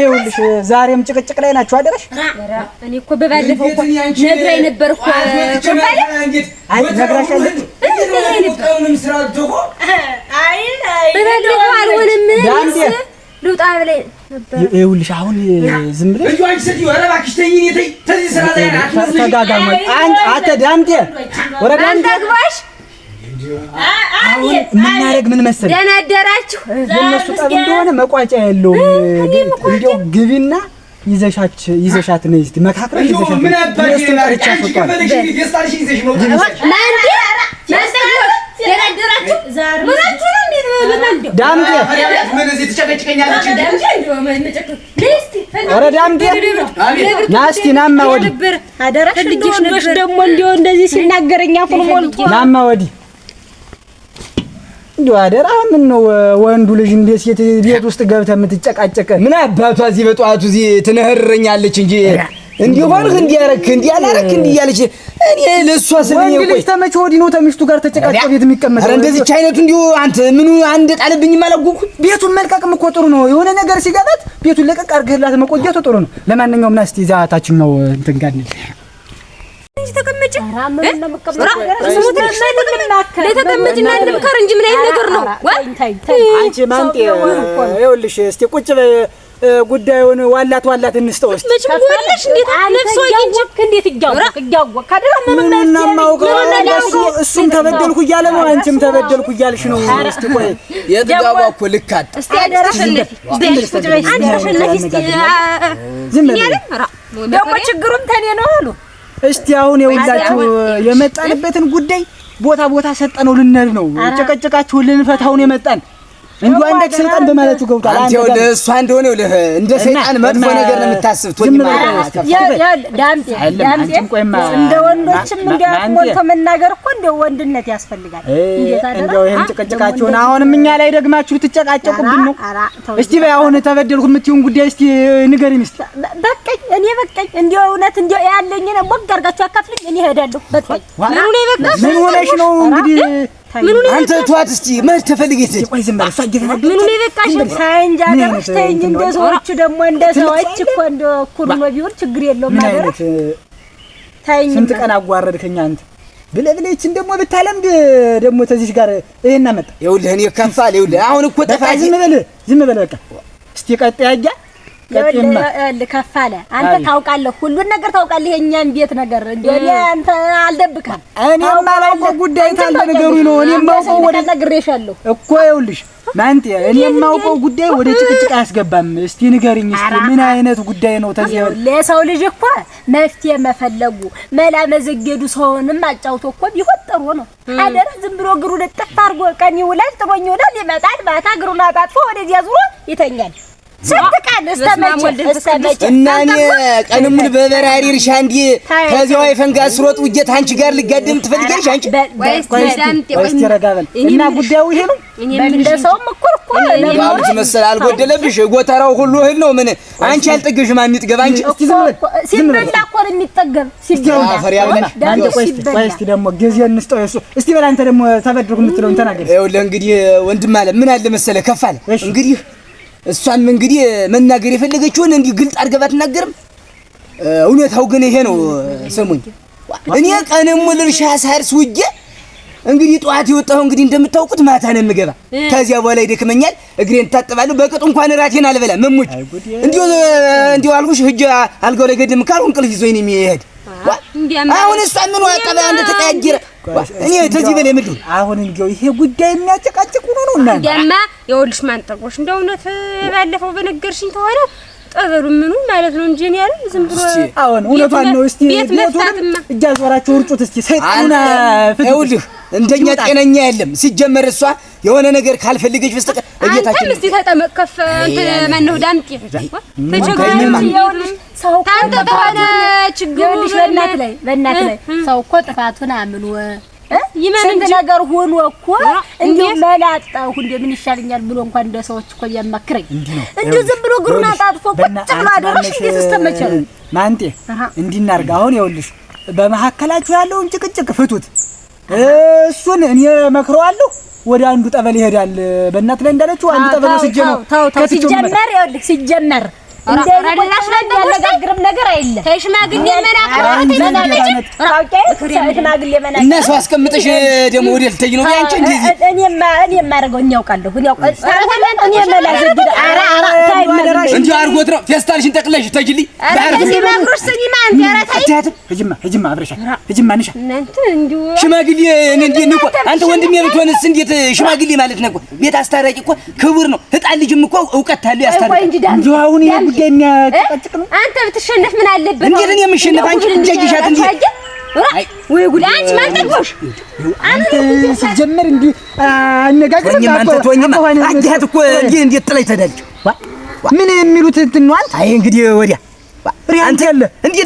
ይኸውልሽ ዛሬም ጭቅጭቅ ላይ ናችሁ አደረሽ። እኔ እኮ በባለፈው እኮ ነግራኝ ነበር እኮ ነግራሻለች። በባለፈው አልሆነም ልውጣ ብለኝ ነበር። ይኸውልሽ አሁን ዝም ብለሽ አንተ ዳምጤ ወረዳ አሁን የምናደርግ ምን መሰለህ፣ ደነደራችሁ የእነሱ ጠብ እንደሆነ መቋጫ የለውም። እንዲያው ግቢና ይዘሻች ይዘሻት ነው እስቲ መካከለ ይዘሻት ምን አባሽ ይላልቻት ወጣ ይዘሽ ይዘሽ ነው ናማ ወዲህ እንዲያው አደራ ምን ነው ወንዱ ልጅ እንደ ሴት ቤት ውስጥ ገብተ የምትጨቃጨቀ ምን አባቷ እዚህ በጠዋቱ እዚህ ትነህረኛለች እንጂ እንዲህ ሆንህ እንዲያረክ እንዲያላረክ እንዲያለች እኔ ለሷ ስልኝ ወንድ ልጅ ተመቸ ወዲህ ነው ተምሽቱ ጋር ተጨቃጨቀ ቤት የሚቀመጥ ኧረ እንደዚች አይነቱ እንዲሁ አንተ ምኑ አንድ ጣልብኝ ማለጉኩ ቤቱን መልቀቅም እኮ ጥሩ ነው የሆነ ነገር ሲገባት ቤቱን ለቀቅ አድርገህላት መቆየቱ ጥሩ ነው ለማንኛውም ና እስኪ እዛ ታችኛው እንትን ጋር እንሂድ ለተቀመጭና ልምከር እንጂ ምን አይነት ነገር ነው? አንቺ ማንጤ ይኸውልሽ፣ እስኪ ቁጭ በይ ጉዳዩን ዋላት ዋላት እንስጠው። እስኪ እሱም ተበደልኩ እያለ ነው፣ አንቺም ተበደልኩ እያልሽ ነው። እስቲ ቆይ የትጋባ እኮ ልክ አጣ። ደግሞ ችግሩም ተኔ ነው አሉ እስቲ አሁን የውላችሁ የመጣንበትን ጉዳይ ቦታ ቦታ ሰጠነው ልንሄድ ነው። ጨቀጨቃችሁን ልንፈታውን የመጣን እንዲሁ አንድ ሰይጣን በማለቱ ገብቷል። አንተ ወደ እሷ እንደሆነ ይኸውልህ እንደ ሰይጣን መጥፎ ነገር ነው የምታስብ። እንደ ወንዶችም እንዲያውም ሞልቶ መናገር እኮ እንደ ወንድነት ያስፈልጋል። እንደው ይሄን ጭቅጭቃችሁን አሁንም እኛ ላይ ደግማችሁ ትጨቃጨቁብን ነው። እስቲ በይ አሁን ተበደልኩ የምትይውን ጉዳይ እስቲ ንገሪኝ። እስቲ በቃኝ፣ እኔ በቃኝ። እንደው እውነት እንደው ያለኝ ነው። ወግ አድርጋችሁ አካፍልኝ፣ እኔ እሄዳለሁ። በቃኝ። ምን ሆነሽ ነው እንግዲህ አንተ ተዋት እስቲ መሄድ ተፈልገህ እንደ ሰዎቹ ደግሞ ቢሆን ችግር የለውም። ስንት ቀን አዋረድከኝ አንተ ብለህ ደግሞ ብታለምድ ደግሞ ተዚሽ ጋር ይሄን አመጣ። ይኸውልህ እኔ ከፋል። ይኸውልህ አሁን እኮ ጠፋህ። ዝም በል ዝም በል በቃ እስቲ ቀጥ ያያ ከፍ አለ። አንተ ታውቃለህ፣ ሁሉን ነገር ታውቃለህ። የእኛን ቤት ነገር እንደ አንተ አልደብቅም። እኔ የማላውቀው ጉዳይ ታለ ነገሩ ነው። እኔ የማውቀው ወደ ነግሬሻለሁ እኮ ይኸውልሽ ማንቲ እኔ የማውቀው ጉዳይ ወደ ጭቅጭቅ አያስገባም። እስቲ ንገሪኝ፣ እስቲ ምን አይነት ጉዳይ ነው? ተዚህ ለሰው ልጅ እኮ መፍትሄ መፈለጉ መላ መዘገዱ ሰውንም አጫውቶ እኮ ቢሆን ጥሩ ነው። አደረ ዝም ብሎ እግሩን ጥፍ አድርጎ ቀን ይውላል፣ ጥሎኝ ይውላል፣ ይመጣል፣ ማታ እግሩን አጣጥፎ ወደዚያ ዙሮ ይተኛል። እና እኔ ቀን ሙሉ በበራሪ እርሻ እንዲህ ከዚያው አይፈን ጋር ስሮጥ ውጌት አንቺ ጋር ልጋደም ትፈልጊያለሽ? አንቺ ወይስ ረጋ እና ጉዳዩ ይሄ ነው። እንደ መሰል አልጎደለብሽ። ጎተራው ሁሉ እህል ነው። ምን አንቺ ያልጠገብሽ ማን የሚጥገብ? አንቺ ሲበላ እኮ ነው የሚጠገብ። እንግዲህ ወንድም አለ ምን አለ መሰለህ ከፍ አለ እንግዲህ እሷም እንግዲህ መናገር የፈለገችውን እንዲህ ግልጥ አድርገህ ባትናገርም እውነታው ግን ይሄ ነው። ስሙኝ፣ እኔ ቀንም ሙሉ እርሻ ሳርስ ውጄ እንግዲህ ጠዋት የወጣሁ እንግዲህ እንደምታውቁት ማታ ነው የምገባ። ከዚያ በኋላ ይደክመኛል፣ እግሬን ታጥባለሁ። በቅጡ እንኳን እራቴን አልበላ መሙች እንዲሁ እንዲሁ አልኩሽ፣ ሂጅ አልጋው ላይ ገድም ካልሁ እንቅልፍ ይዞኝ ነው የሚሄድ። አሁን እሷ ምን ዋቀበ አንድ ተቀያየረ። እኔ ተዚህ በላይ ምንድን አሁን እንዲያው ይሄ ጉዳይ የሚያጨቃጭቁ ነው እና የወልሽ ማንጠቆሽ እንደ እውነት ባለፈው በነገርሽኝ ከሆነ ጠበሉ ምኑ ማለት ነው እንጂ ያለ ዝም ብሎ አሁን እውነቷን ነው። እስቲ ቤቱን እያዞራችሁ እርጩት እስቲ ሰይጣን ፍትህ እንደኛ ጤነኛ የለም። ሲጀመር እሷ የሆነ ነገር ካልፈልገች በስተቀር እየታችን እስቲ ተጠመቅ ከፍ እንትን ማነው ዳምጤ ተቸገረች። ሰው ታንተ ተሆነ ችግሩ በእናት ላይ በእናት ላይ ሰው እኮ ጥፋቱን አምኑ ስንት ነገር ሆኖ እኮ እንደው መላጣሁ እንደው ምን ይሻለኛል ብሎ እንኳን እንደ ሰዎች እኮ እያማክረኝ እንደው ዝም ብሎ እግሩን አጣጥፎ ቁጭ ብሎ አደረሽ። እንዴት ስተመቸ ነው እንዲናርግ። አሁን ይኸውልሽ በመሀከላችሁ ያለውን ጭቅጭቅ ፍቱት። እሱን እኔ መክረዋለሁ። ወደ አንዱ ጠበል ይሄዳል። በእናት ላይ እንዳለችው አንዱ ጠበል ስጀመር ሲጀመር ይኸውልህ ሲጀመር ነገር አይደለም። እነሱ አስቀምጥሽ ደግሞ ወደ ልትሄጂ ነው አንቺ። እንደዚህ እኔ የማደርገው እኔ አውቃለሁ። እንዲሁ አድርጎት ነው ፌስታልሽን ጠቅለሽ ተጅልኝ አንተ ወንድሜ ብትሆንስ እንዴት ሽማግሌ ማለት ነው? ቤት አስታራቂ እኮ ክቡር ነው። ህጣን ልጅም እኮ እውቀት ታለው ያስታርቃል። አንተ ብትሸነፍ ምን አለበት? እንዴት ነው የምሸነፍ? አንቺ ልጅሻት እንዴ? ወይ ጉድ! አንቺ ማን አንተ ስትጀምር እንዴ አነጋግረን ታቆኝ አዲያት እኮ እንዴ እንዴት ጥለሽ ተዳልች? ምን የሚሉት እንትን ነው አንተ? አይ እንግዲህ ወዲያ አንተ ያለ እንዴ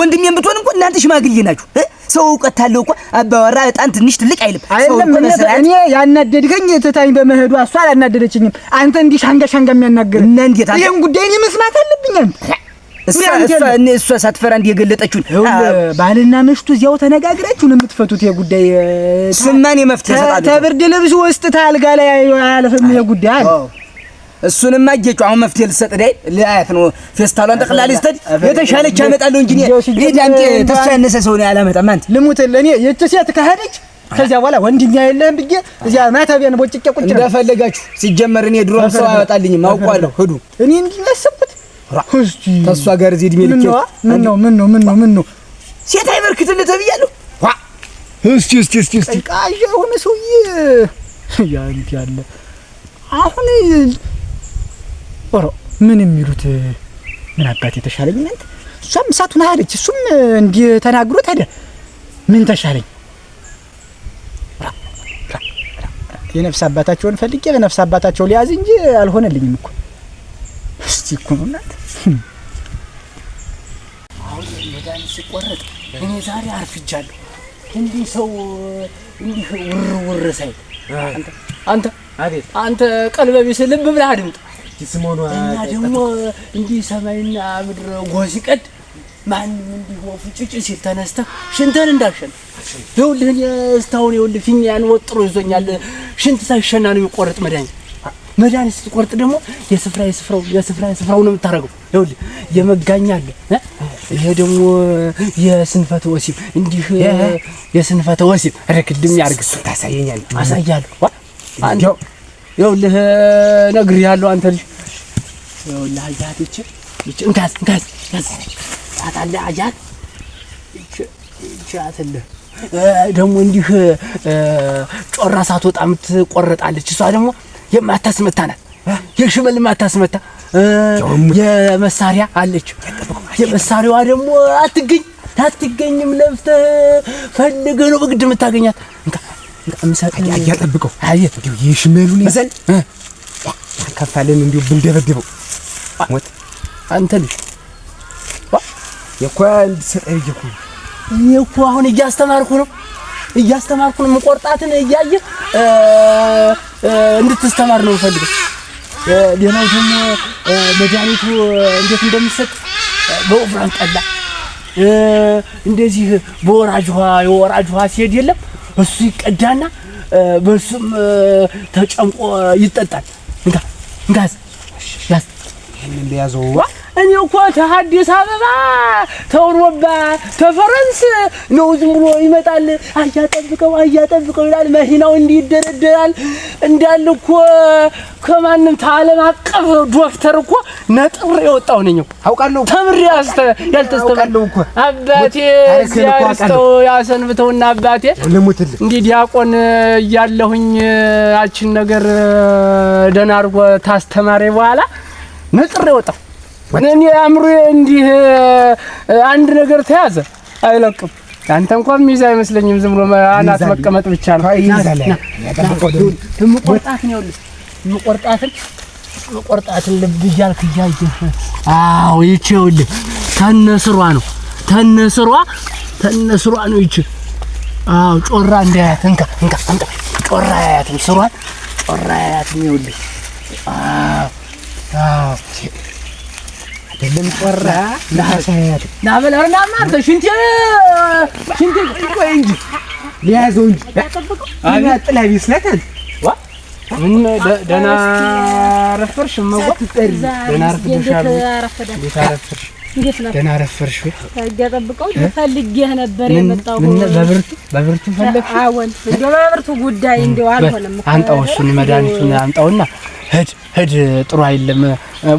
ወንድሜ የምትሆን እኮ እናንተ ሽማግሌ ናችሁ። ሰው እውቀት ታለው እኮ አባወራ በጣም ትንሽ ትልቅ አይልም። እኔ ያናደድከኝ ትታኝ በመሄዷ እሷ አላናደደችኝም። አንተ እንዲህ ሻንጋ ሻንጋ የሚያናገር እና እንዴት አለ ይሄን ጉዳይ እኔ መስማት አለብኝ። እሷ ሳትፈራ እንዲህ የገለጠችውን ባልና ምሽቱ እዚያው ተነጋግራችሁ ነው የምትፈቱት። የጉዳይ ስማን የመፍትሄ ተብርድ ልብስ ውስጥ ታልጋ ላይ አያለፍም። የጉዳይ አለ እሱንም አየችው። አሁን መፍትሄ ልሰጥ ዳይ ለአያት ነው ፌስታሏን ጠቅላላ ሊስተድ የተሻለች አመጣለሁ እንጂ ዳምጤ ተስፋ ያነሰ ሰው ነው ያላመጣም። አንተ ልሙትልህ የእች ሴት ከሄደች ከዚያ በኋላ ወንድኛ የለህም ብዬ እዚያ ማታቢያን ቦጭቄ ቁጭ እንደፈለጋችሁ። ሲጀመር እኔ ድሮም ሰው አያወጣልኝም አውቀዋለሁ። ሂዱ እኔ እንዲያሰብኩት እስቲ ተሷ ጋር እዚህ እድሜ ልኬ ምን ነው ምን ነው ምን ነው ምን ነው ሴት አይበርክትልህ ተብያለሁ። እስቲ እስቲ እስቲ እስቲ ቃዣ የሆነ ሰውዬ ያንተ ያለ አሁን ኦሮ ምን የሚሉት ምን አባት የተሻለኝ እናንተ። እሷም እሳቱን አለች፣ እሱም እንዲህ ተናግሮት ሄደ። ምን ተሻለኝ? የነፍስ አባታቸውን ፈልጌ በነፍስ አባታቸው ሊያዝ እንጂ አልሆነልኝም እኮ እስቲ እኮ ነው አሁን መድኃኒት ሲቆረጥ እኔ ዛሬ አርፍጃለሁ። እንዲህ ሰው እንዲህ ውር ውር ሳይል አንተ አንተ አንተ ቀልበ ቢስ ልብ ብለህ አድምጥ ስሞኗ ደግሞ እንዲህ ሰማይና ምድር ጎህ ሲቀድ ማንም እንዲህ ወፉ ጭጭ ሲል ተነስተህ ሽንትህን እንዳሸን ይኸውልህ፣ እኔ እስካሁን ይኸውልህ ፊኛን ወጥሮ ይዞኛል። ሽንት ሳይሸና ነው የሚቆረጥ መድኃኒት። መድኃኒት ስትቆርጥ ደግሞ የስፍራ የስፍራው የስፍራ የስፍራው ነው የምታደርገው። ይኸውልህ የመጋኛ አለ፣ ይሄ ደግሞ የስንፈተ ወሲብ እንዲህ የስንፈተ ወሲብ ረክድም ያርግስ ታሳየኛል፣ አሳያለሁ። ይኸውልህ ነግሬሃለሁ። አንተ ልጅ ይኸውልህ አያት እቺ እቺ እንካዝ እንካዝ ያዝ አታለ አያት እቺ እቺ አትልህ ደግሞ እንዲህ ጮራ ሳትወጣ የምትቆረጣለች። እሷ ደግሞ የማታስመታ ናት። የሽመል የማታስመታ የመሳሪያ አለች። የመሳሪያዋ ደግሞ አትገኝ አትገኝም። ለፍተህ ፈልገህ ነው በግድ የምታገኛት። እያጠብቀው የሽመሉን ይዘን ከፋለን እንዲሁ ብንደበድበው ሞት አንተ ልጅ የኳ እንድሰጠኝ እኮ ይሄኮ አሁን እያስተማርኩ ነው እያስተማርኩ ነው። ምቆርጣትን እያየ እንድትስተማር ነው ፈልገ። ሌላው ደግሞ መድኃኒቱ እንዴት እንደሚሰጥ በወፍራም ጠላ እንደዚህ በወራጅ ውሃ የወራጅ ውሃ ሲሄድ የለም እሱ ይቀዳና በሱም ተጨምቆ ይጠጣል። እንካ እንካ ያዝ ያዝ ይህን እኔ እኮ ተሀዲስ አበባ ተአውሮፓ ተፈረንስ ነው ዝም ብሎ ይመጣል። አያጠብቀው አያጠብቀው ይላል። መኪናው እንዲህ ይደረደራል። እንዳለ እኮ ከማንም ተዓለም አቀፍ ዶክተር እኮ ነጥር የወጣው ነኝ አውቃለሁ። ተምሬ ያልተስተማለሁ እኮ አባቴ ያስተው ያሰንብተውና አባቴ ለሙትል እንዲህ ዲያቆን እያለሁኝ ያችን ነገር ደህና አድርጎ ታስተማሪ በኋላ ነጥር የወጣው እኔ አእምሮ እንዲህ አንድ ነገር ተያዘ አይለቅም። አንተ እንኳን ሚዛ አይመስለኝም። ዝም ብሎ አናት መቀመጥ ብቻ ነው። ምቆርጣት ነው ልብ እያልክ እያየህ አዎ፣ ይቺ ይኸውልህ ተነስሯ ነው ተነስሯ ተነስሯ ነው ይቺ። አዎ፣ ጮራ እንዳያት እንካ እንካ እንካ ጮራ አያትም ስሯን ጮራ አያትም ይኸውልህ አዎ አዎ ልንቆራ ለሐሳያት ናበላር ናማርተ ሽንቴ ሽንቴ ቆይ እንጂ ሊያዘው እንጂ አቤት ጥላ ቢስ ናት ምን ደህና ረፈርሽ? መዋ ትጠሪ ደህና ረፍደሻል? እንዴት አረፈርሽ? ደህና ረፈርሽ? እያጠብቀው ፈልጌህ ነበር የመጣው። በብርቱ በብርቱ ፈለግሽ? አዎን፣ እንደው በብርቱ ጉዳይ እንደው አልሆነም። አንጣው እሱን መድኃኒቱን አንጣውና ሂድ ሂድ፣ ጥሩ አይደለም።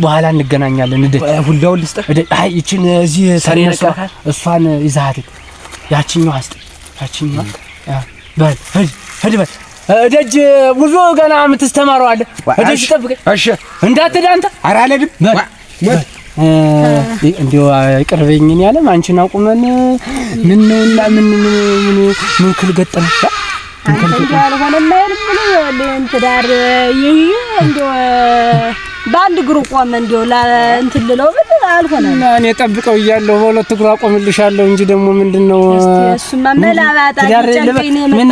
በኋላ እንገናኛለን። ሂድ። ሁላውን ልስጥ። አይ ይችን እዚህ ተነሳ፣ እሷን ይዛሃት ያችኛው አስጥ፣ ያችኛው በል ሂድ፣ በል ብዙ ገና የምትስተማረው አለ። ጠብቀኝ። እሺ፣ እንዳትሄድ አንተ። ኧረ አልሄድም። እንዲሁ ይቅርበኝን ያለም አንቺን አቁመን ምን ነውና ምን ምን ምን ክል ገጠመ አልሆነም አይልም ትዳር ይህ እንደው በአንድ እግሩ ቆመ እንደው እንትን ልለው አልሆነም እና እኔ ጠብቀው እያለሁ በሁለት እግሯ አቆምልሻለሁ እንጂ ደግሞ ምንድን ነው ምን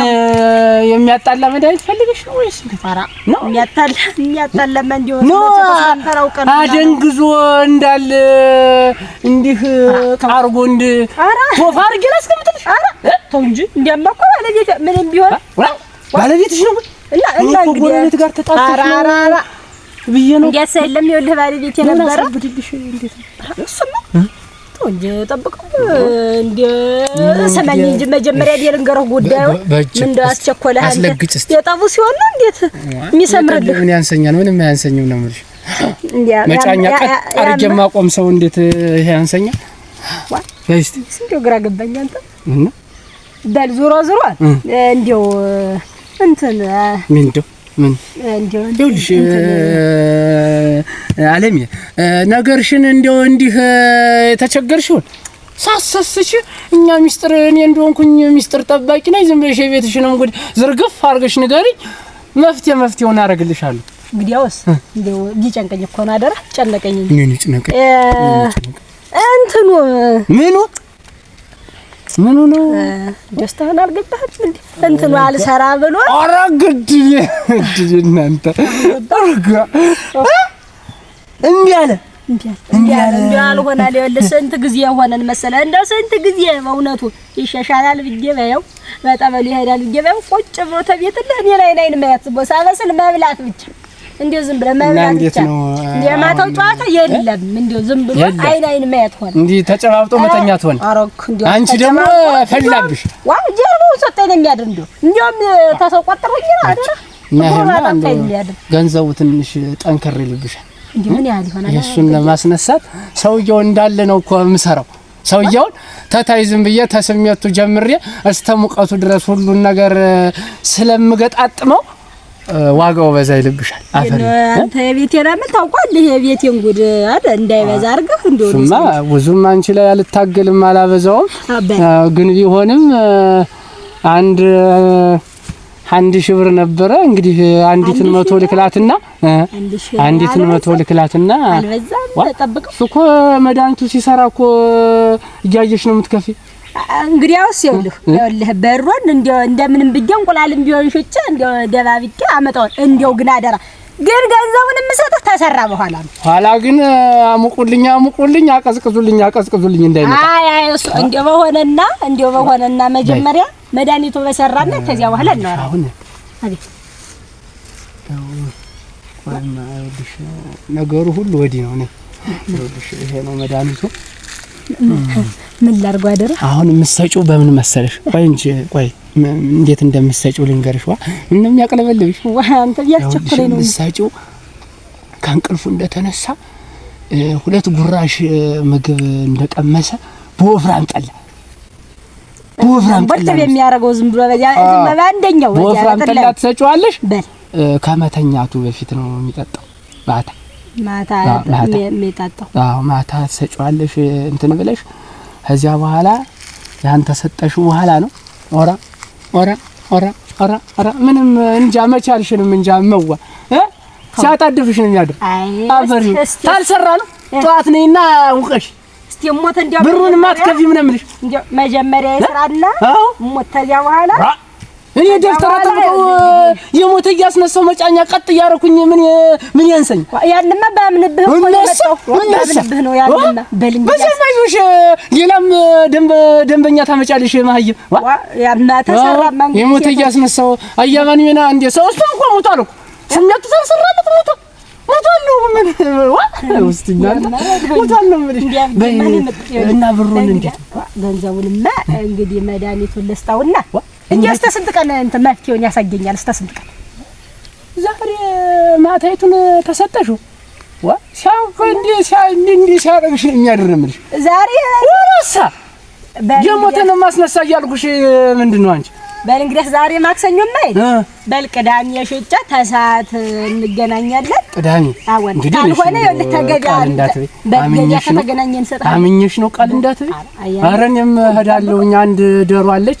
የሚያጣላ መድኃኒት ፈልገሽ ነው ወይስ ተፋራ ነው አደንግዞ እንዳል እንዲህ አርጎ እንድ ቶፋ አድርጌ ላስቀምጥልሽ? ኧረ ተው እንጂ እንዲያማ እኮ ባለቤት ምንም ቢሆን ባለቤትሽ ነው እና እና እንግዲህ ጎረቤት ጋር ተጣጣ ብዬ ነው የለም ይኸውልህ ባለቤት ነው እንጂ ጠብቀው እንደ ሰማኝ እንጂ መጀመሪያ ልንገረው ጉዳዩን እንደው አስቸኮለህ የጠቡ ሲሆን ነው እንዴት የሚሰምርልህ? ምን ያንሰኛል? ምንም አያንሰኝም ነው የምልሽ። መጫኛ ቀጥ አድርጌ የማቆም ሰው እንዴት ይሄ ያንሰኛል? እንደው ግራ ገባኝ። አንተ በል ዞሮ ዞሮ እንደው እንትን ምን ምን ይኸውልሽ አለሜ ነገርሽን እንደው እንዲህ የተቸገርሽውን ሳሰስሽ እኛ ሚስጥር እኔ እንደሆንኩኝ ሚስጥር ጠባቂ ነኝ። ዝም ብለሽ የቤትሽንም ጉድ ዝርግፍ አድርገሽ ንገሪኝ፣ መፍትሄ መፍትሄውን አደርግልሻለሁ። እንግዲያውስ እንደው ሊጨንቀኝ እኮ ነው። አደራ ጨነቀኝ። ምን ይጭነቀኝ? እንትኑ ምኑ ምኑ ነው ደስታህን አልገልጣህም እንዴ? እንትን አልሰራ ብሎ ኧረ ግድ ግድ እናንተ አርጋ እንዴ አለ እንዴ አለ እንዴ አልሆነ አለ። ይኸውልህ ስንት ጊዜ ሆነን መሰለህ እንደው ስንት ጊዜ በእውነቱ ይሻሻላል ብዬ በያው በጠበሉ ይሄዳል ብዬ በያው ቁጭ ብሎ ተቤትልህ እኔ ላይ ላይ ማየት ቦሳ በስል መብላት ብቻ እንደው ዝም ብለህ መብላት ብቻ የማታው ጨዋታ የለም። እንደው ዝም ብሎ አይን አይን ማየት ሆነ እንዲህ ተጨባብጦ መተኛት ሆነ። አንቺ ደግሞ ፈላብሽ ዋው ጀርባው ሰጠኝ ነው የሚያድር እንደው እንደውም ተሰው ቆጥሮኝ ነው አደረ ገንዘቡ ትንሽ ጠንከር ይልብሻል። እንዴ ምን ያህል ይሆናል? እሱን ለማስነሳት ሰውየው እንዳለ ነው እኮ የምሰራው። ሰውየውን ተታይ ዝም ብዬ ተስሜቱ ጀምሬ እስተ ሙቀቱ ድረስ ሁሉን ነገር ስለምገጣጥመው ዋጋው በዛ ይልብሻል። አፈሪ አንተ የቤቴን አመት ታውቃለህ። የቤቴን ጉድ አይደል እንዳይበዛ አድርገህ እንደሆነ ብዙም አንቺ ላይ አልታገልም፣ አላበዛውም። ግን ቢሆንም አንድ አንድ ሺህ ብር ነበረ። እንግዲህ አንዲትን መቶ ልክላትና አንዲትን መቶ ልክላትና እኮ መድኃኒቱ ሲሰራ እኮ እያየሽ ነው የምትከፊ እንግዲያውስ ይኸውልህ ይኸውልህ በሮን እንደው እንደምንም ብዬ እንቁላልም ቢሆን ሽጬ እንደው ደባብቄ አመጣው። እንደው ግን አደራ ግን ገንዘቡን የምሰጥህ ተሰራ በኋላ ነው። ኋላ ግን አሙቁልኝ አሙቁልኝ፣ አቀዝቅዙልኝ አቀዝቅዙልኝ እንዳይመጣ። አይ አይ እሱ እንደው በሆነና እንደው በሆነና መጀመሪያ መድኃኒቱ በሰራና ከዚያ በኋላ ነው። አሁን አቤት ነገሩ ሁሉ ወዲህ ነው። እኔ ይሄ ነው መድኃኒቱ ምን ላድርገው አደራ። አሁን የምትሰጪው በምን መሰለሽ? ቆይ እንጂ ቆይ እንዴት እንደምትሰጪው ልንገርሽ። ዋ ምንም ያቀለበልብሽ ዋ አንተ ያስቸኩለኝ ነው። የምትሰጪው ከእንቅልፉ እንደተነሳ ሁለት ጉራሽ ምግብ እንደቀመሰ በወፍራም ጠላ በወፍራም ጠላ የሚያደርገው ዝም ብሎ በዚያ ዝም ብሎ አንደኛው በወፍራም ጠላ ትሰጪዋለሽ። በል ከመተኛቱ በፊት ነው የሚጠጣው ባታ ማታ ትሰጪዋለሽ እንትን ብለሽ ከዚያ በኋላ ያን ተሰጠሽ በኋላ ነው ኦራ ኦራ ኦራ ኦራ ኦራ ምንም እንጃ መቻልሽንም እንጃ መዋ ሲያጣድፍሽ ነው የሚያድር። አፈሪ ታልሰራ ነው ጠዋት ነይና ውቀሽ እስቲ ሞት እንዲያ ብሩን ማትከፊ ምን ምልሽ መጀመሪያ ይስራና ሞት ተዚያ በኋላ እኔ ደፍተራ ጠብቀው የሞተ እያስነሳው መጫኛ ቀጥ እያደረኩኝ ምን ምን ያንሰኝ? ያንማ ባምንብህ እኮ ነው ያንማ በልኝ። ሌላም ደንበኛ ታመጫለሽ። ማህይም ያማ ተሰራማ የሞተ እያስነሳው አያማን ሚና እንዴ ሰው እሱ እንኳን ሞቷል እኮ ስሜቱ ተሰራበት ሞቷል እና ብሩን እንዴት ገንዘቡንማ እንግዲህ መድኃኒቱን ለስጣውና እኛ እስከ ስንት ቀን እንትን መፍትሄውን ያሳገኛል? እስከ ስንት ቀን ዛሬ ማታይቱን ተሰጠሹ ዋ ሲያውቅ እንዲህ እንዲህ ሲያደርግሽ ነው የሚያድር ዛሬ ወራሳ የሞተ ማስነሳ እያልኩሽ ምንድን ነው አንቺ? በል እንግዲህ ዛሬ ማክሰኞ ማይ በል ቅዳሜ ሽጫ ተሳት እንገናኛለን። ቅዳሜ አወን ካልሆነ ተገዳ በገኛ ተገናኘን ሰጣ አምኜሽ ነው ቃል እንዳትበይ። አረን የምሄዳለሁኝ አንድ ደሮ አለች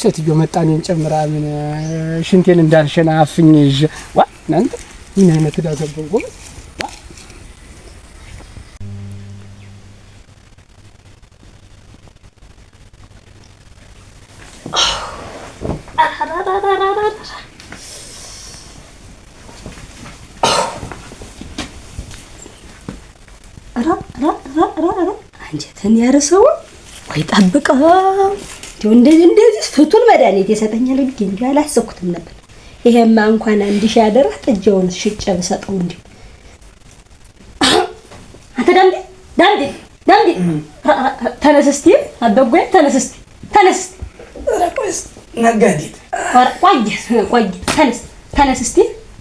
ሴትዮ መጣኔን ጨምራ ምን ሽንቴን እንዳልሸና አፍኝ ይዤ ዋ እናንተ ምን አይነት ዳገበው ጎ አንጀትን ያርሰው ወይ ጠብቀው እንደዚህ ፍቱን መድኃኒት የሰጠኛል ብዬ እንዲሁ አላሰብኩትም ነበር። ይሄማ እንኳን አንድ ሺህ አደራ ጥጃውን ሽጬ ብሰጠው እንዲሁ አንተ ዳምዴ ዳምዴ ዳምዴ ተነስ እስቲ አበጎዬ ተነስ እስቲ ተነስ ቆይ ቆይ ተነስ ተነስ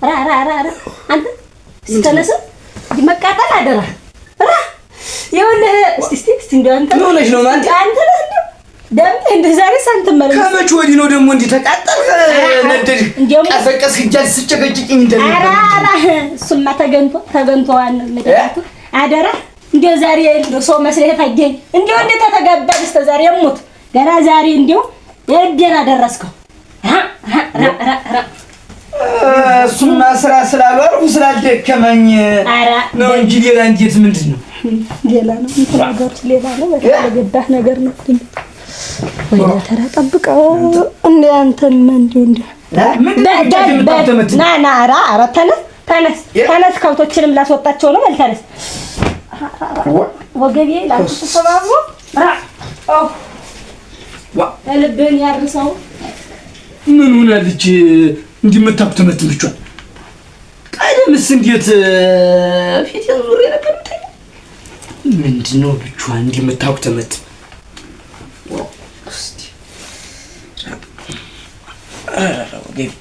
ራ ራ ራ ራ አንተ ተነስ መቃጠል አደራ ራ ይኸውልህ እስቲ እስቲ እስቲ እንደው አንተ ነው ነሽ ነው አንተ አንተ ከመቼ ወዲህ ነው ደግሞ እንዲህ ተቃጠልክ ዛሬ ሰው መስለህ ታገኝ እንደው እንደ ተተጋባል እስከ ዛሬ የሙት ገና ዛሬ እንደው የእዴን አደረስከው። እሱማ ስራ ስላልዋልኩ ስላልደከመኝ ነው እንጂ ሌላ እንዴት ምንድን ነው ሌላ ነው። ነገር ነው። ወይ ተራ ጠብቀው እንደ አንተማ እንዲሁ ና ና፣ ኧረ ኧረ ተነስ ተነስ ተነስ፣ ከብቶችንም ላስወጣቸው ነው። በል ተነስ፣ ወገቤ ላሰባብሮ ያርሰው። ምን ሆናለች እንዲህ የምታኩተመትምቿል? ቀደምስ እንዴት ፊት ዙሬ ነበር። ምንድን ነው ብቻዋን እንዲህ የምታኩተመትም Okay.